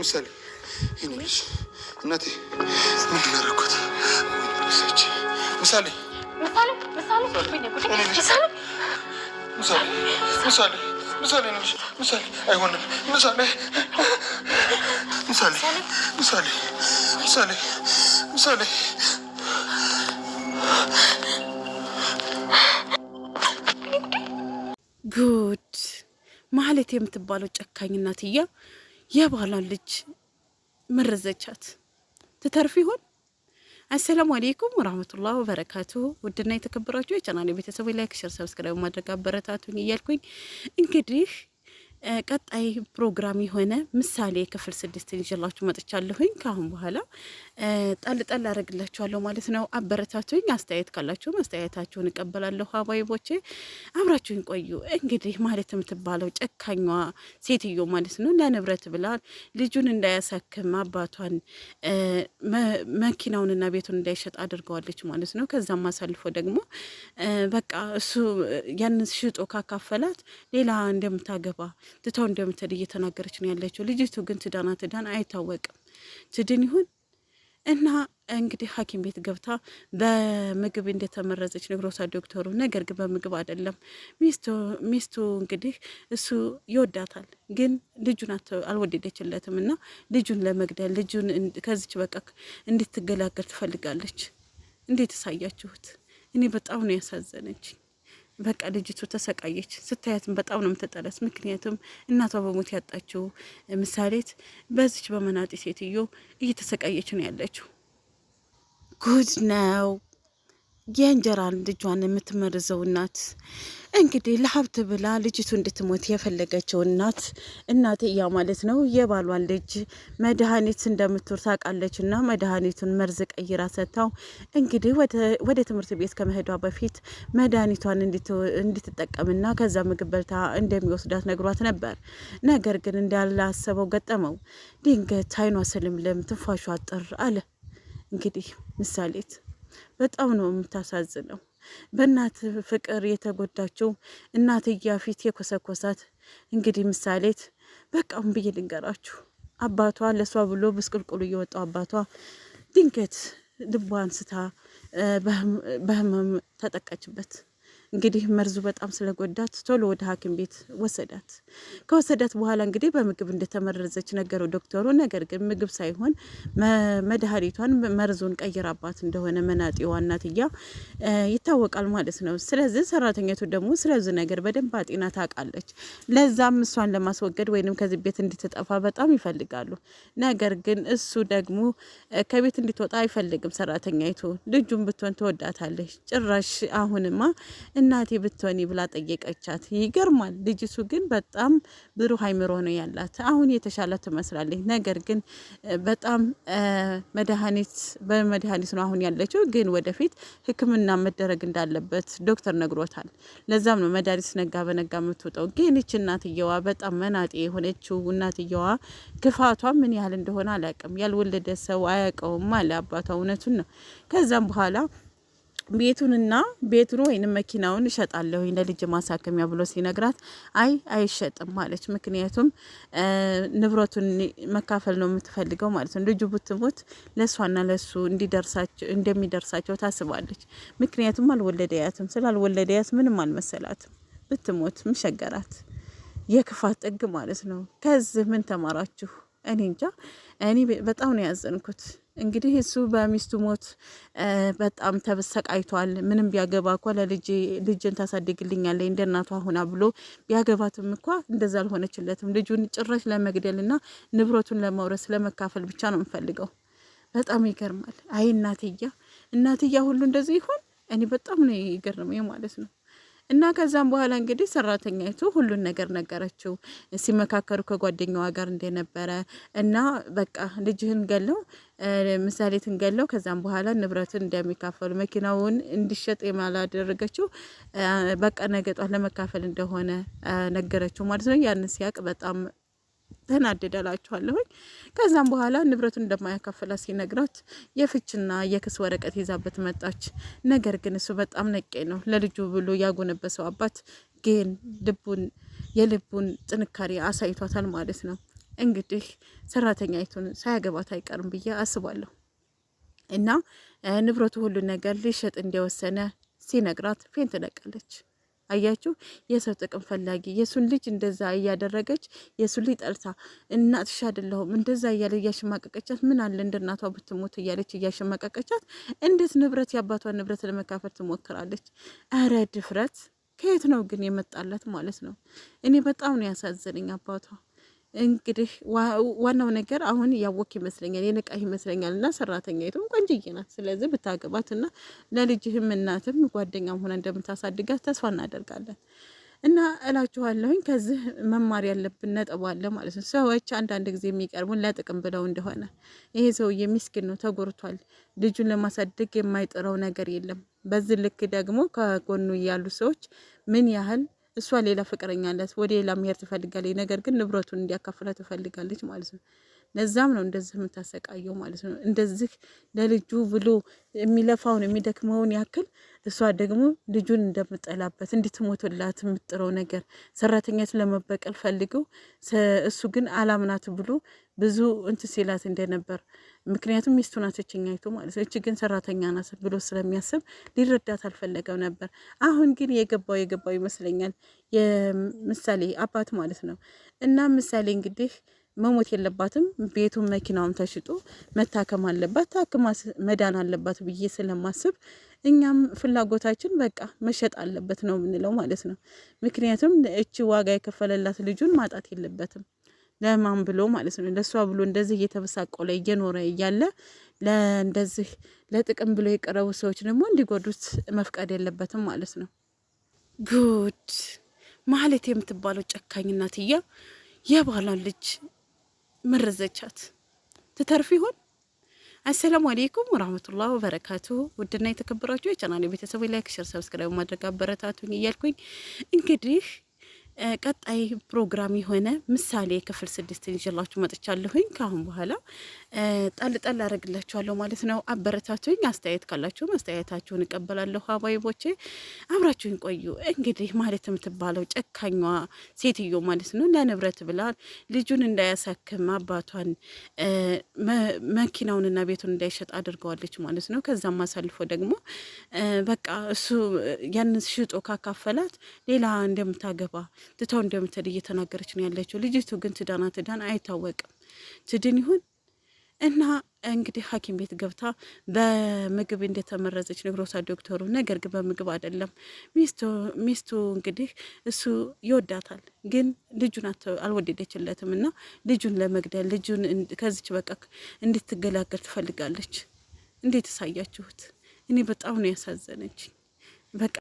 ምሳሌ ልጅ እናቴ ምንድን ያደረኩት? ምሳሌ ምሳሌ ምሳሌ ምሳሌ ምሳሌ ምሳሌ ምሳሌ ጉድ ማለት የምትባለው ጨካኝ እናትያ የባሏን ልጅ መረዘቻት። ትተርፍ ይሆን? አሰላሙ አሌይኩም ወራህመቱላህ ወበረካቱሁ። ውድና የተከበራችሁ የቻናል ቤተሰቦች ላይክ፣ ሸር፣ ሰብስክራይብ ማድረግ አበረታቱኝ እያልኩኝ እንግዲህ ቀጣይ ፕሮግራም የሆነ ምሳሌ ክፍል ስድስት ይዤላችሁ መጥቻለሁኝ። ከአሁን በኋላ ጠል ጠል አደረግላችኋለሁ ማለት ነው። አበረታቱኝ። አስተያየት ካላችሁ አስተያየታችሁን እቀበላለሁ። አባይቦቼ አብራችሁን ቆዩ። እንግዲህ ማለት የምትባለው ጨካኟ ሴትዮ ማለት ነው ለንብረት ብላ ልጁን እንዳያሳክም አባቷን መኪናውንና ቤቱን እንዳይሸጥ አድርገዋለች ማለት ነው። ከዛም አሳልፎ ደግሞ በቃ እሱ ያን ሽጦ ካካፈላት ሌላ እንደምታገባ ትታው እንደምትሄድ እየተናገረች ነው ያለችው። ልጅቱ ግን ትዳና ትዳን አይታወቅም። ትድን ይሁን እና እንግዲህ ሐኪም ቤት ገብታ በምግብ እንደተመረዘች ነግሮታ ዶክተሩ። ነገር ግን በምግብ አይደለም ሚስቱ እንግዲህ እሱ ይወዳታል፣ ግን ልጁን አልወደደችለትም እና ልጁን ለመግደል ልጁን ከዚች በቃ እንድትገላገል ትፈልጋለች። እንዴት ሳያችሁት? እኔ በጣም ነው ያሳዘነች። በቃ ልጅቱ ተሰቃየች። ስታያትም በጣም ነው የምትጠላት። ምክንያቱም እናቷ በሞት ያጣችው ምሳሌት በዚች በመናጢ ሴትዮ እየተሰቃየች ነው ያለችው። ጉድ ነው። የእንጀራ ልጇን የምትመርዘው እናት እንግዲህ ለሀብት ብላ ልጅቱ እንድትሞት የፈለገችው እናት እናትያ ማለት ነው። የባሏን ልጅ መድኃኒት እንደምትወር ታውቃለች እና መድኃኒቱን መርዝ ቀይራ ሰጥታው እንግዲህ ወደ ትምህርት ቤት ከመሄዷ በፊት መድኃኒቷን እንድትጠቀምና ከዛ ምግብ በልታ እንደሚወስዳት ነግሯት ነበር። ነገር ግን እንዳላሰበው ገጠመው። ድንገት አይኗ ስልምልም፣ ትንፋሿ አጥር አለ። እንግዲህ ምሳሌት በጣም ነው የምታሳዝነው። በእናት ፍቅር የተጎዳችው እናትያ ፊት የኮሰኮሳት እንግዲህ ምሳሌት በቃም ብዬ ልንገራችሁ፣ አባቷ ለሷ ብሎ ብስቁልቁሉ እየወጣው አባቷ ድንገት ልቧ አንስታ በህመም ተጠቃችበት። እንግዲህ መርዙ በጣም ስለጎዳት ቶሎ ወደ ሐኪም ቤት ወሰዳት። ከወሰዳት በኋላ እንግዲህ በምግብ እንደተመረዘች ነገረው ዶክተሩ። ነገር ግን ምግብ ሳይሆን መድኃኒቷን መርዙን ቀይራባት እንደሆነ መናጤዋ እናትያ ይታወቃል ማለት ነው። ስለዚህ ሰራተኛቱ ደግሞ ስለዚህ ነገር በደንብ አጤና ታውቃለች። ለዛም እሷን ለማስወገድ ወይንም ከዚህ ቤት እንድትጠፋ በጣም ይፈልጋሉ። ነገር ግን እሱ ደግሞ ከቤት እንድትወጣ አይፈልግም። ሰራተኛይቱ ልጁም ብትሆን ትወዳታለች። ጭራሽ አሁንማ እናቴ ብትሆኒ ብላ ጠየቀቻት። ይገርማል። ልጅሱ ግን በጣም ብሩህ አይምሮ ነው ያላት። አሁን የተሻለ ትመስላለች። ነገር ግን በጣም መድኃኒት በመድኃኒት ነው አሁን ያለችው። ግን ወደፊት ሕክምና መደረግ እንዳለበት ዶክተር ነግሮታል። ለዛም ነው መድኃኒት ነጋ በነጋ የምትውጠው። ግን ይች እናትየዋ በጣም መናጤ የሆነችው እናትየዋ ክፋቷ ምን ያህል እንደሆነ አላውቅም። ያልወለደ ሰው አያውቀውም አለ አባቷ። እውነቱን ነው። ከዛም በኋላ ቤቱንና ቤቱን ወይንም መኪናውን እሸጣለሁ ለልጅ ማሳከሚያ ብሎ ሲነግራት አይ አይሸጥም ማለች። ምክንያቱም ንብረቱን መካፈል ነው የምትፈልገው ማለት ነው። ልጁ ብትሞት ለእሷና ለሱ እንደሚደርሳቸው ታስባለች። ምክንያቱም አልወለደያትም። ስላልወለደያት ምንም አልመሰላትም። ብትሞት ምሸገራት የክፋት ጥግ ማለት ነው። ከዚህ ምን ተማራችሁ? እኔ እንጃ። እኔ በጣም ነው ያዘንኩት። እንግዲህ እሱ በሚስቱ ሞት በጣም ተበሰቃይቷል። ምንም ቢያገባ እኳ ለልጄ ልጅን ታሳድግልኛለች እንደ እናቷ ሆና ብሎ ቢያገባትም እኳ እንደዛ አልሆነችለትም። ልጁን ጭራሽ ለመግደል ና ንብረቱን ለማውረስ ለመካፈል ብቻ ነው የምፈልገው። በጣም ይገርማል። አይ እናትያ እናትያ ሁሉ እንደዚህ ይሆን? እኔ በጣም ነው የገረመኝ ማለት ነው። እና ከዛም በኋላ እንግዲህ ሰራተኛይቱ ሁሉን ነገር ነገረችው። ሲመካከሩ ከጓደኛዋ ጋር እንደነበረ እና በቃ ልጅህን ገለው ምሳሌትን ገለው ከዛም በኋላ ንብረትን እንደሚካፈሉ መኪናውን እንዲሸጥ የማላደረገችው በቃ ነገጧ ለመካፈል እንደሆነ ነገረችው ማለት ነው። ያንን ሲያቅ በጣም ተናደደላችኋለሁኝ። ከዛም በኋላ ንብረቱን እንደማያካፍላት ሲነግራት የፍችና የክስ ወረቀት ይዛበት መጣች። ነገር ግን እሱ በጣም ነቄ ነው ለልጁ ብሎ ያጎነበሰው አባት ግን ልቡን የልቡን ጥንካሬ አሳይቷታል ማለት ነው። እንግዲህ ሰራተኛይቱን ሳያገባት አይቀርም ብዬ አስባለሁ። እና ንብረቱ ሁሉ ነገር ሊሸጥ እንደወሰነ ሲነግራት ፌን ትለቃለች። አያችሁ፣ የሰው ጥቅም ፈላጊ የሱን ልጅ እንደዛ እያደረገች የሱ ልጅ ጠልታ እናትሽ አይደለሁም እንደዛ እያለ እያሸማቀቀቻት፣ ምን አለ እንደ እናቷ ብትሞት እያለች እያሸማቀቀቻት፣ እንዴት ንብረት የአባቷን ንብረት ለመካፈል ትሞክራለች? እረ ድፍረት ከየት ነው ግን የመጣላት ማለት ነው። እኔ በጣም ነው ያሳዘነኝ አባቷ እንግዲህ ዋናው ነገር አሁን ያወክ ይመስለኛል የነቃ ይመስለኛል። እና የቱም ቆንጅዬ ናት። ስለዚህ ብታገባት እና ለልጅህም እናትም ጓደኛም ሆነ እንደምታሳድጋት ተስፋ እናደርጋለን። እና እላችኋለሁኝ ከዚህ መማር ያለብን ነጥብ አለ ማለት ነው። ሰዎች አንዳንድ ጊዜ የሚቀርቡን ለጥቅም ብለው እንደሆነ ይሄ ሰውዬ ምስኪን ነው፣ ተጎርቷል። ልጁን ለማሳደግ የማይጥረው ነገር የለም። በዚህ ልክ ደግሞ ከጎኑ ያሉ ሰዎች ምን ያህል እሷ ሌላ ፍቅረኛ አላት፣ ወደ ሌላ መሄድ ትፈልጋለች። ነገር ግን ንብረቱን እንዲያካፍላ ትፈልጋለች ማለት ነው። ለዛም ነው እንደዚህ የምታሰቃየው ማለት ነው። እንደዚህ ለልጁ ብሎ የሚለፋውን የሚደክመውን ያክል እሷ ደግሞ ልጁን እንደምጠላበት እንድትሞትላት የምጥረው ነገር ሰራተኛት ለመበቀል ፈልገው እሱ ግን አላምናት ብሎ ብዙ እንትን ሲላት እንደነበር ምክንያቱም ሚስቱ ናት እችኛይቱ ማለት ነው። እች ግን ሰራተኛ ናት ብሎ ስለሚያስብ ሊረዳት አልፈለገም ነበር። አሁን ግን የገባው የገባው ይመስለኛል የምሳሌ አባት ማለት ነው እና ምሳሌ እንግዲህ መሞት የለባትም። ቤቱን መኪናውን ተሽጦ መታከም አለባት፣ ታክማ መዳን አለባት ብዬ ስለማስብ እኛም ፍላጎታችን በቃ መሸጥ አለበት ነው የምንለው ማለት ነው። ምክንያቱም እች ዋጋ የከፈለላት ልጁን ማጣት የለበትም። ለማን ብሎ ማለት ነው? ለእሷ ብሎ እንደዚህ እየተበሳቆለ እየኖረ እያለ ለእንደዚህ ለጥቅም ብሎ የቀረቡ ሰዎች ደግሞ እንዲጎዱት መፍቀድ የለበትም ማለት ነው። ጉድ ማለት የምትባለው ጨካኝ እናትያ የባሏን ልጅ መረዘቻት። ትተርፍ ይሆን? አሰላሙ አሌይኩም ወራህመቱላህ ወበረካቱ። ውድና የተከበራችሁ የቻናል ቤተሰብ ላይክ፣ ሸር፣ ሰብስክራይብ ማድረግ አበረታቱኝ እያልኩኝ እንግዲህ ቀጣይ ፕሮግራም የሆነ ምሳሌ ክፍል ስድስት ይዤላችሁ መጥቻለሁኝ። ከአሁን በኋላ ጣል ጣል አደርግላችኋለሁ ማለት ነው። አበረታቱኝ። አስተያየት ካላችሁም አስተያየታችሁን እቀበላለሁ። አባይቦቼ አብራችሁን ቆዩ። እንግዲህ ማለት የምትባለው ጨካኟ ሴትዮ ማለት ነው ለንብረት ብላ ልጁን እንዳያሳክም አባቷን መኪናውንና ቤቱን እንዳይሸጥ አድርገዋለች ማለት ነው። ከዛም አሳልፎ ደግሞ በቃ እሱ ያንን ሽጦ ካካፈላት ሌላ እንደምታገባ ትተው እንደምትል እየተናገረች ነው ያለችው። ልጅቱ ግን ትዳና ትዳን አይታወቅም። ትድን ይሁን እና እንግዲህ ሐኪም ቤት ገብታ በምግብ እንደተመረዘች ነግሮሳ ዶክተሩ። ነገር ግን በምግብ አይደለም ሚስቱ እንግዲህ እሱ ይወዳታል፣ ግን ልጁን አልወደደችለትም እና ልጁን ለመግደል ልጁን ከዚች በቃ እንድትገላገል ትፈልጋለች። እንዴት ሳያችሁት? እኔ በጣም ነው ያሳዘነች በቃ